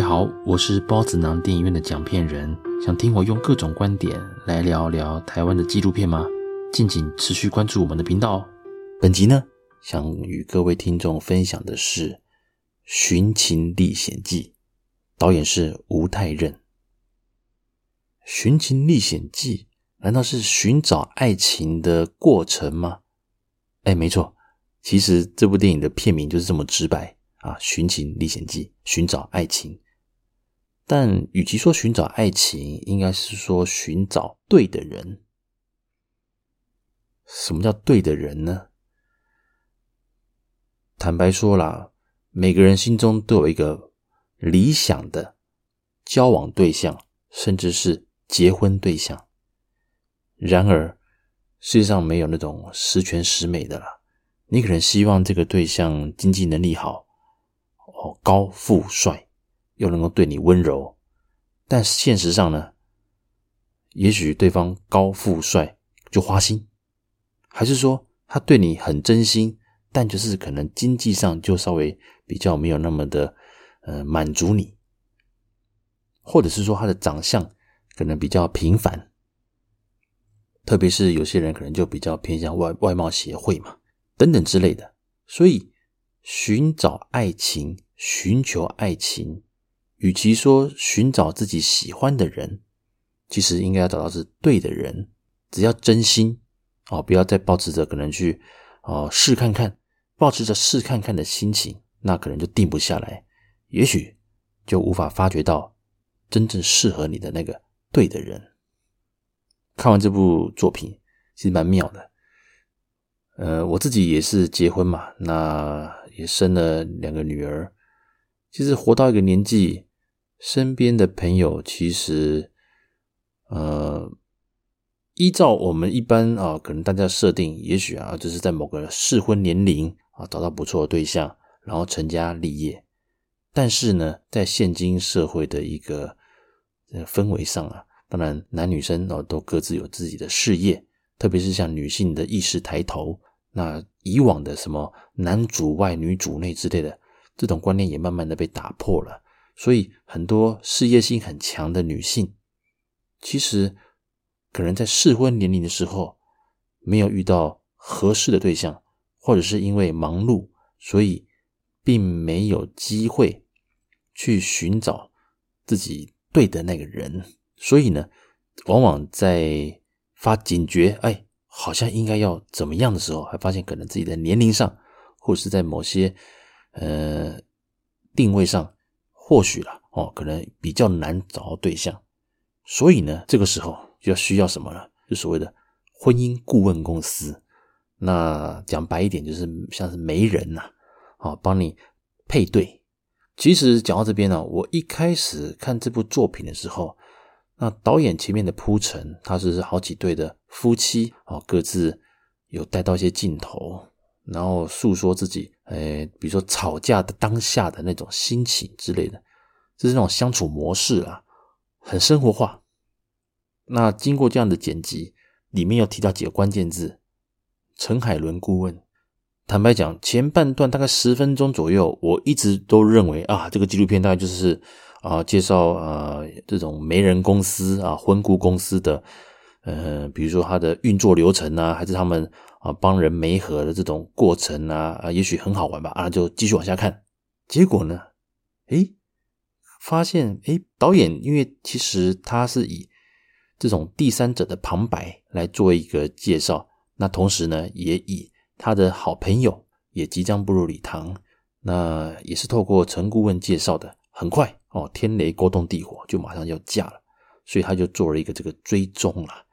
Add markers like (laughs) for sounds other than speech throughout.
各位好，我是孢子囊電影院的講片人，想聽我用各種觀點來聊聊台灣的紀錄片嗎？敬請持續關注我們的頻道哦。本集呢，想與各位聽眾分享的是《尋情歷險記》，導演是吳太任。《尋情歷險記》難道是尋找愛情的過程嗎？哎，沒錯，其實這部電影的片名就是這麼直白啊，《尋情歷險記》，尋找愛情。但與其說尋找愛情，應該是說尋找對的人。什麼叫對的人呢？坦白說啦，每個人心中都有一個理想的交往對象，甚至是結婚對象。然而，世界上沒有那種十全十美的啦。你可能希望這個對象經濟能力好，哦，高富帥。又能夠對你溫柔，但現實上呢？也許對方高富帥就花心，還是說他對你很真心，但就是可能經濟上就稍微比較沒有那麼的呃滿足你，或者是說他的長相可能比較平凡，特別是有些人可能就比較偏向外外貌協會嘛，等等之類的。所以尋找愛情，尋求愛情。與其說尋找自己喜歡的人，其實應該要找到是對的人。只要真心哦，不要再抱持着可能去哦試看看，抱持着試看看的心情，那可能就定不下來，也許就無法發掘到真正適合你的那個對的人。看完這部作品，其實蠻妙的。呃，我自己也是結婚嘛，那也生了兩個女兒，其實活到一個年紀。身邊的朋友其實，呃，依照我們一般啊，可能大家設定，也許啊，就是在某個適婚年齡啊，找到不錯的對象，然後成家立業。但是呢，在現今社會的一個呃氛圍上啊，當然男女生啊都各自有自己的事業，特別是像女性的意識抬頭，那以往的什麼男主外女主內之類的，這種觀念也慢慢的被打破了。所以，很多事業心很強的女性，其實可能在適婚年齡的時候，沒有遇到合適的對象，或者是因為忙碌，所以並沒有機會去尋找自己對的那個人。所以呢，往往在發警覺，哎，好像應該要怎麼樣的時候，還發現可能自己的年齡上，或者是在某些呃定位上。或許啦，哦，可能比較難找到對象，所以呢，這個時候就要需要什麼呢？就所謂的婚姻顧問公司。那講白一點，就是像是媒人吶、啊，幫你配對。其實講到這邊呢、啊，我一開始看這部作品的時候，那導演前面的鋪陳，他是好幾對的夫妻，哦，各自有帶到一些鏡頭。然後訴說自己，誒，比如說吵架的當下的那種心情之類的，這是那種相處模式啊，很生活化。那經過這樣的剪輯，裡面又提到幾個關鍵字：陳海倫顧問。坦白講，前半段大概十分鐘左右，我一直都認為啊，這個紀錄片大概就是啊、呃，介紹啊、呃、這種媒人公司啊婚顧公司的。呃，比如說他的運作流程啊，還是他們啊幫人媒合的這種過程啊啊，也許很好玩吧啊，就繼續往下看。結果呢，誒，發現誒導演因為其實他是以這種第三者的旁白來做一個介紹，那同時呢，也以他的好朋友也即將步入禮堂，那也是透過陳顧問介紹的。很快哦，天雷勾動地火，就馬上要嫁了，所以他就做了一個這個追蹤啦。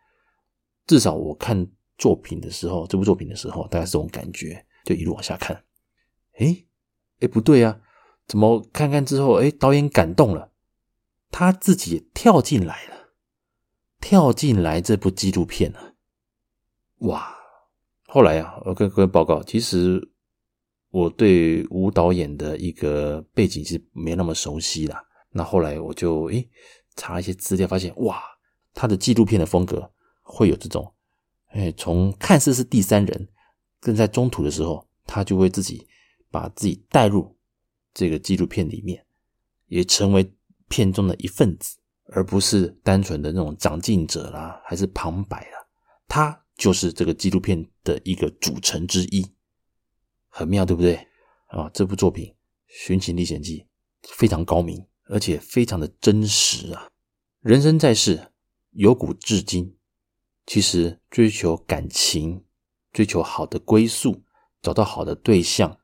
至少我看作品的時候，這部作品的時候，大概是這種感覺，就一路往下看、欸。誒誒，不對啊！怎麼看看之後，誒，導演感動了，他自己也跳進來了，跳進來這部紀錄片了、啊。哇！後來啊，我跟各位報告，其實我對吳導演的一個背景是沒那麼熟悉了、啊。那後來我就誒、欸、查一些資料，發現哇，他的紀錄片的風格。會有這種，哎，從看似是第三人，正在中途的時候，他就會自己把自己帶入這個紀錄片裡面，也成為片中的一份子，而不是單純的那種長進者啦，還是旁白啦，他就是這個紀錄片的一個組成之一，很妙，對不對？啊，這部作品《尋情歷險記》非常高明，而且非常的真實啊！人生在世，由古至今。其實追求感情，追求好的歸宿，找到好的對象，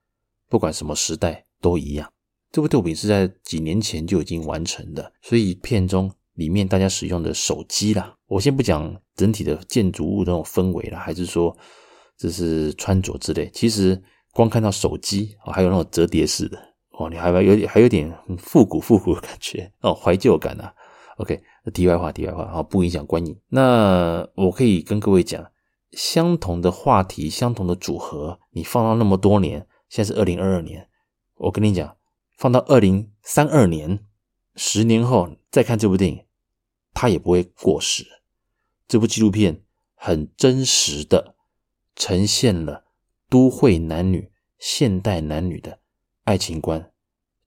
不管什麼時代都一樣。這部作品是在幾年前就已經完成的，所以片中裡面大家使用的手機啦，我先不講整體的建築物的那種氛圍啦，還是說這是穿着之類？其實光看到手機，哦，還有那種折疊式的哦，你還有點，還有點復古復古的感覺哦，懷舊感啊。OK。題外話，題外話，好，不影響觀影。那我可以跟各位講，相同的話題，相同的組合，你放到那麼多年，現在是2022年，我跟你講，放到2032年，十年後再看這部電影，它也不會過時。這部紀錄片很真實的呈現了都會男女、現代男女的愛情觀，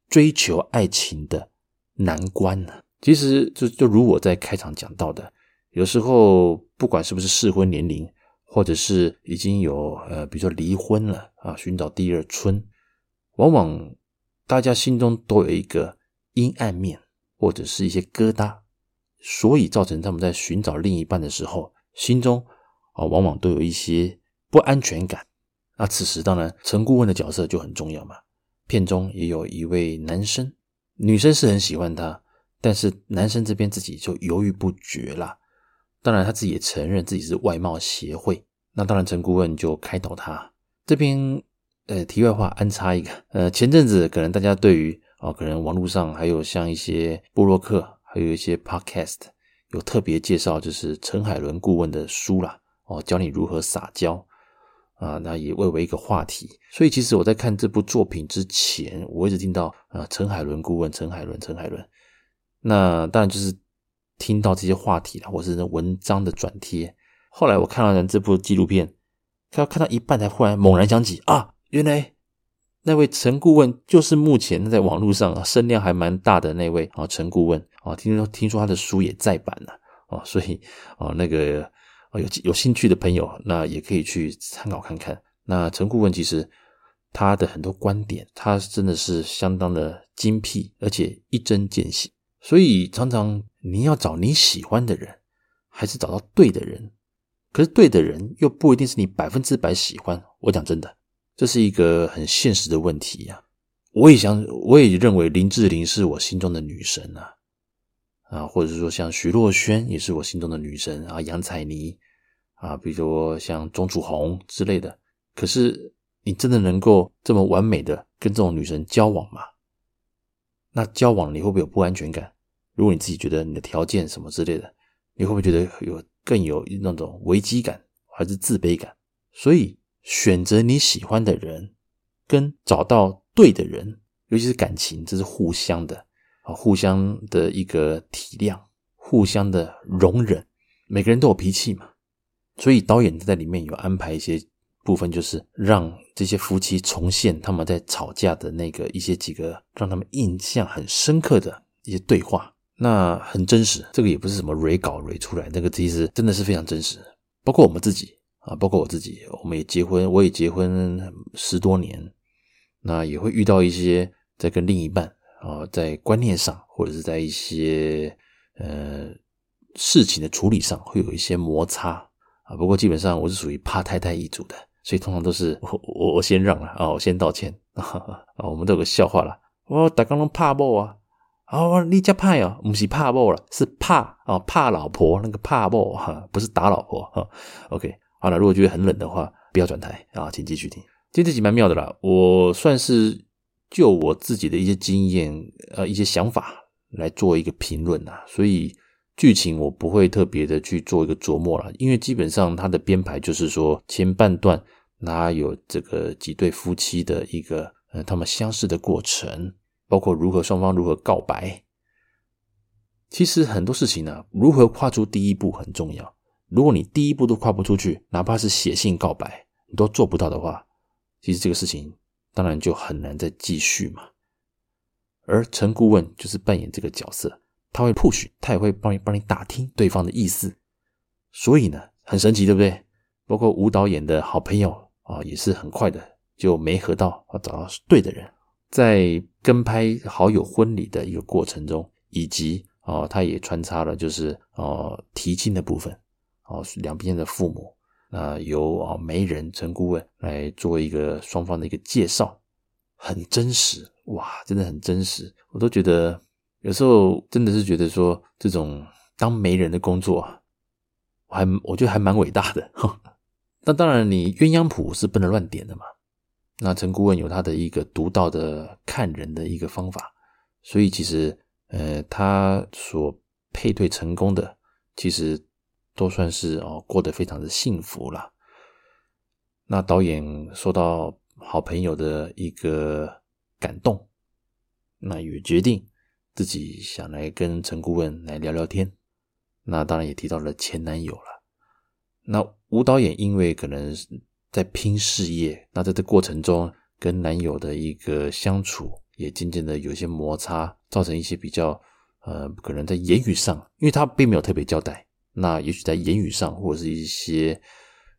追求愛情的難關呢。其實就就如我在開場講到的，有時候不管是不是適婚年齡，或者是已經有呃，比如說離婚了啊，尋找第二春，往往大家心中都有一個陰暗面，或者是一些疙瘩，所以造成他們在尋找另一半的時候，心中啊，呃，往往都有一些不安全感。那此時當然，陳顧問的角色就很重要嘛。片中也有一位男生，女生是很喜歡他。但是男生這邊自己就猶豫不決啦。當然他自己也承認自己是外貌協會。那當然陳顧問就開導他這，這邊呃，題外話安插一個呃，前陣子可能大家對於啊、呃，可能網絡上還有像一些部落客，還有一些 podcast 有特別介紹，就是陳海倫顧問的書啦哦、呃，教你如何撒嬌啊、呃。那也蔚為一個話題。所以其實我在看這部作品之前，我一直聽到啊，陳、呃、海倫顧問，陳海倫，陳海倫。那當然就是聽到這些話題啦，或者是文章的轉貼。後來我看了這部紀錄片，看到看到一半，才忽然猛然想起啊，原來那位陳顧問就是目前在網絡上聲量還蠻大的那位啊，陳顧問啊，聽說聽說他的書也再版了啊，所以啊那個啊有有興趣的朋友，那也可以去參考看看。那陳顧問其實他的很多觀點，他真的是相當的精闢，而且一針見血。所以常常你要找你喜歡的人，還是找到對的人？可是對的人又不一定是你百分之百喜歡。我講真的，這是一個很現實的問題呀。啊。我也想，我也認為林志玲是我心中的女神啊。啊，或者說像徐若瑄也是我心中的女神啊，楊采妮啊，比如說像鍾楚紅之類的。可是你真的能夠這麼完美的跟這種女神交往嗎？那交往你會不會有不安全感？如果你自己覺得你的條件什麼之類的，你會不會覺得有更有那種危機感還是自卑感？所以選擇你喜歡的人，跟找到對的人，尤其是感情，這是互相的，互相的一個體諒，互相的容忍。每個人都有脾氣嘛，所以導演在裡面有安排一些部分，就是讓這些夫妻重現他們在吵架的那個一些幾個，讓他們印象很深刻的一些對話。那很真實，這個也不是什麼蕊搞蕊出來，那個其實真的是非常真實。包括我們自己啊，包括我自己，我們也結婚，我也結婚十多年，那也會遇到一些在跟另一半啊，在觀念上或者是在一些呃事情的處理上會有一些摩擦啊。不過基本上我是屬於怕太太一族的，所以通常都是我我先讓了、啊，啊我先道歉，啊我們都有個笑話了、啊，我大家都怕某啊。哦，你叫派哦，不是怕某了，是怕哦，怕老婆那個怕某哈，不是打老婆哈。OK，好了，如果覺得很冷的話，不要轉台啊，請繼續聽。今天這集蠻妙的啦，我算是就我自己的一些經驗，呃，一些想法來做一個評論啦，所以劇情我不會特別的去做一個琢磨了，因為基本上它的編排就是說前半段它有這個幾對夫妻的一個、呃、他們相識的過程。包括如何雙方如何告白，其實很多事情呢，如何跨出第一步很重要。如果你第一步都跨不出去，哪怕是寫信告白，你都做不到的話，其實這個事情當然就很難再繼續嘛。而陳顧問就是扮演這個角色，他會 push，他也會幫你幫你打聽對方的意思。所以呢，很神奇，對不對？包括吳導演的好朋友啊，也是很快的就媒合到，啊，找到對的人。在跟拍好友婚禮的一個過程中，以及啊，他也穿插了就是哦，提親的部分，哦，兩邊的父母，啊，由啊媒人陳顧問來做一個雙方的一個介紹，很真實哇，真的很真實，我都覺得有時候真的是覺得說這種當媒人的工作，我還我覺得還蠻偉大的哈。 (laughs) 那當然，你鴛鴦譜是不能亂點的嘛。那陳顧問有他的一個獨到的看人的一個方法，所以其實，呃，他所配對成功的，其實都算是哦過得非常的幸福了。那導演受到好朋友的一個感動，那也決定自己想來跟陳顧問來聊聊天。那當然也提到了前男友了。那吳導演因為可能。在拼事業，那在這過程中跟男友的一個相處，也漸漸的有一些摩擦，造成一些比較，呃，可能在言語上，因為他並沒有特別交代，那也許在言語上或者是一些，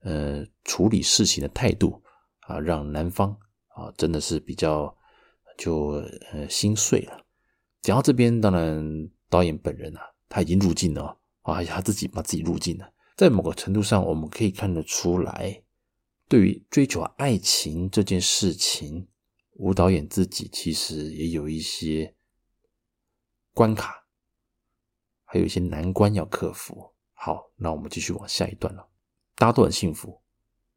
呃，處理事情的態度啊，讓男方啊真的是比較就呃心碎了。然後這邊，當然導演本人啊，他已經入境鏡了、哦，啊，他自己把自己入鏡了，在某個程度上，我們可以看得出來。對於追求愛情這件事情，吳導演自己其實也有一些關卡，還有一些難關要克服。好，那我們繼續往下一段了。大家都很幸福，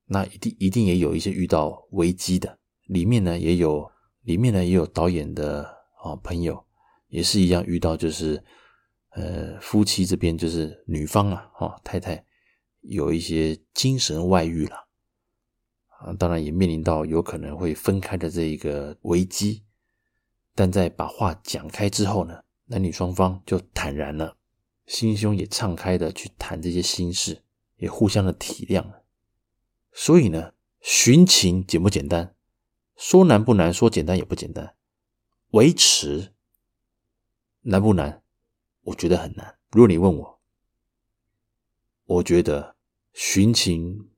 那一定一定也有一些遇到危機的。裡面呢也有，裡面呢也有導演的啊朋友，也是一樣遇到，就是呃夫妻這邊就是女方啊，哦，太太有一些精神外遇了。啊，當然也面臨到有可能會分開的這一個危機，但在把話講開之後呢，男女雙方就坦然了，心胸也敞開的去談這些心事，也互相的體諒。所以呢，尋情簡不簡單？說難不難，說簡單也不簡單。維持難不難？我覺得很難。如果你問我，我覺得尋情。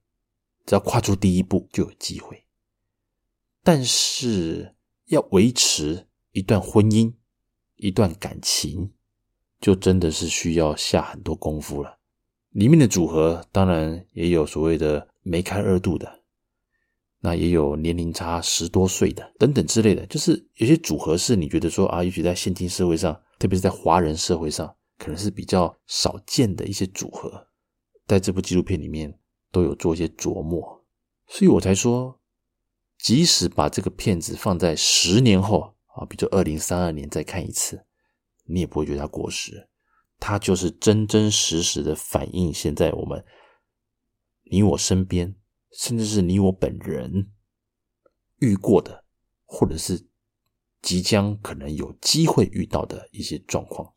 只要跨出第一步就有機會，但是要維持一段婚姻，一段感情，就真的是需要下很多功夫了。裡面的組合當然也有所謂的梅開二度的，那也有年齡差十多歲的等等之類的，就是有些組合是你覺得說啊，也許在現今社會上，特別是在華人社會上，可能是比較少見的一些組合，在這部紀錄片裡面。都有做一些琢磨，所以我才說，即使把這個片子放在十年後啊，比如二零三二年再看一次，你也不會覺得它過時，它就是真真實實的反映現在我們你我身邊，甚至是你我本人遇過的，或者是即將可能有機會遇到的一些狀況。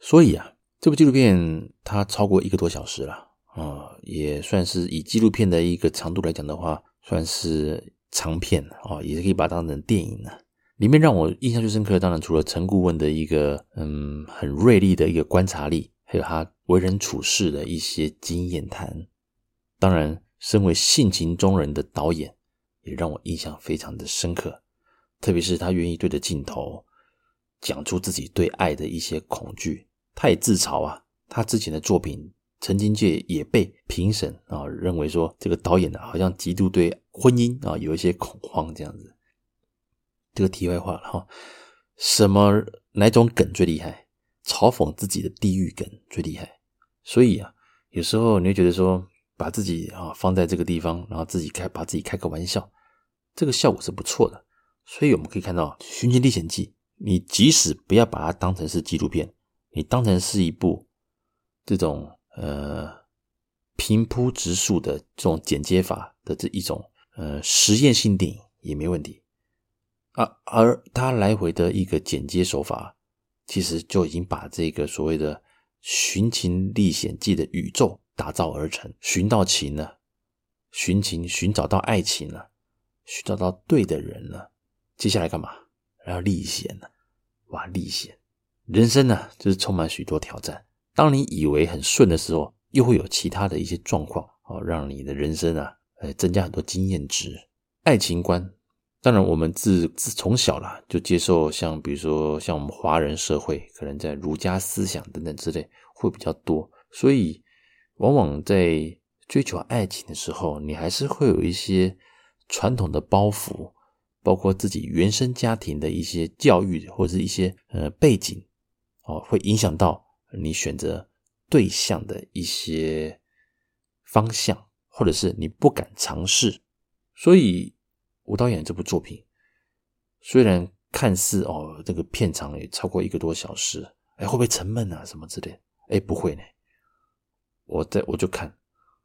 所以啊，這部紀錄片它超過一個多小時了。啊、哦，也算是以紀錄片的一個長度來講的話，算是長片啊、哦，也是可以把它當成電影的、啊。裡面讓我印象最深刻，當然除了陳顧問的一個嗯很銳利的一個觀察力，還有他為人處事的一些經驗談。當然，身為性情中人的導演，也讓我印象非常的深刻。特別是他願意對着鏡頭講出自己對愛的一些恐懼，他也自嘲啊，他之前的作品。曾經界也被評審啊認為說，這個導演呢，好像極度對婚姻啊有一些恐慌這樣子。這個題外話了哈，什麼哪種梗最厲害？嘲諷自己的地獄梗最厲害。所以啊，有時候你會覺得說，把自己啊放在這個地方，然後自己開，把自己開個玩笑，這個效果是不錯的。所以我們可以看到《尋情歷險記》，你即使不要把它當成是紀錄片，你當成是一部這種。呃，平鋪直敘的這種剪接法的這一種呃實驗性電影也沒問題啊，而他來回的一個剪接手法，其實就已經把這個所謂的尋情歷險記的宇宙打造而成。尋到情了，啊，尋情，尋找到愛情了，啊，尋找到對的人了，啊，接下來幹嘛？然後歷險了，哇，歷險！人生呢，就是充滿許多挑戰。當你以為很順的時候，又會有其他的一些狀況哦，讓你的人生啊，呃，增加很多經驗值。愛情觀，當然，我們自自從小啦，就接受像比如說像我們華人社會，可能在儒家思想等等之類會比較多，所以往往在追求愛情的時候，你還是會有一些傳統的包袱，包括自己原生家庭的一些教育或者是一些呃背景哦，會影響到，你選擇對象的一些方向，或者是你不敢嘗試，所以吳導演這部作品雖然看似哦，這個片長也超過一個多小時，哎、欸，會不會沉悶啊，什麼之類？哎、欸，不會呢。我在我就看，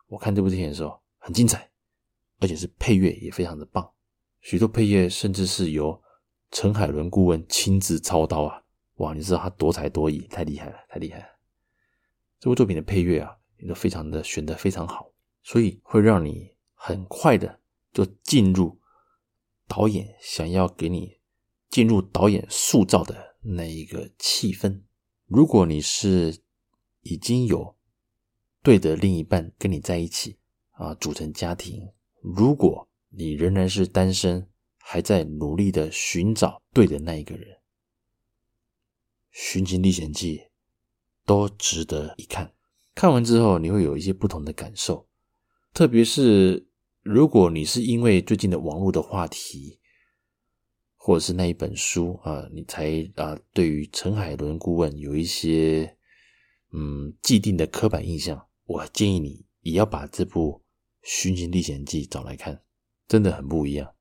我看這部電影的時候很精彩，而且是配樂也非常的棒，許多配樂甚至是由陳海倫顧問親自操刀啊。哇，你知道他多才多藝，太厲害了，太厲害了！這部作品的配樂啊，也都非常的選的非常好，所以會讓你很快的就進入導演想要給你進入導演塑造的那一個氣氛。如果你是已經有對的另一半跟你在一起啊，組成家庭；如果你仍然是單身，還在努力的尋找對的那一個人，《尋情歷險記》都值得一看，看完之後你會有一些不同的感受。特別是如果你是因為最近的網絡的話題，或者是那一本書啊，你才啊對於陳海倫顧問有一些嗯既定的刻板印象，我建議你也要把這部《尋情歷險記》找來看，真的很不一樣。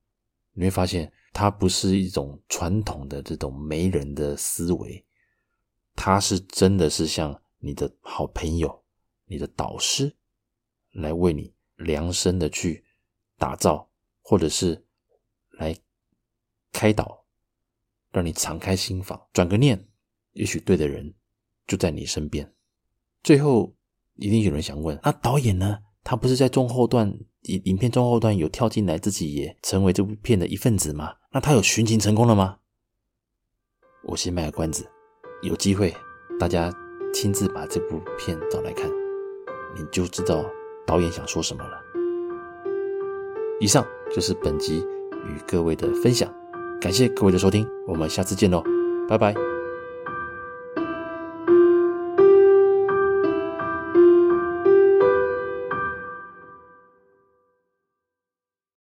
你會發現它不是一種傳統的這種媒人的思維。他是真的是像你的好朋友，你的導師，來為你量身的去打造，或者是來開導，讓你敞開心房，轉個念，也許對的人就在你身邊。最後一定有人想問：那導演呢？他不是在中後段影影片中後段有跳進來，自己也成為這部片的一份子嗎？那他有尋情成功了嗎？我先賣個關子。有機會，大家親自把這部片找來看，你就知道導演想說什麼了。以上就是本集與各位的分享，感謝各位的收聽，我們下次見嘍，拜拜。